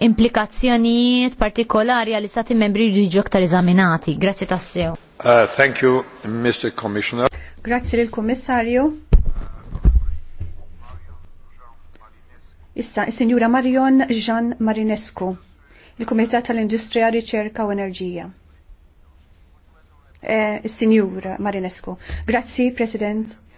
implikazzjonijiet partikolari għal istati membri li jiġu aktar eżaminati. Grazzi tassew. Uh, thank you, Mr. Commissioner. Grazzi lill kummissarju Issa, il-Sinjura Marion Jean Marinescu, il-Komitat tal-Industrija, Riċerka u Enerġija. Eh, il Marinescu. Grazzi, President.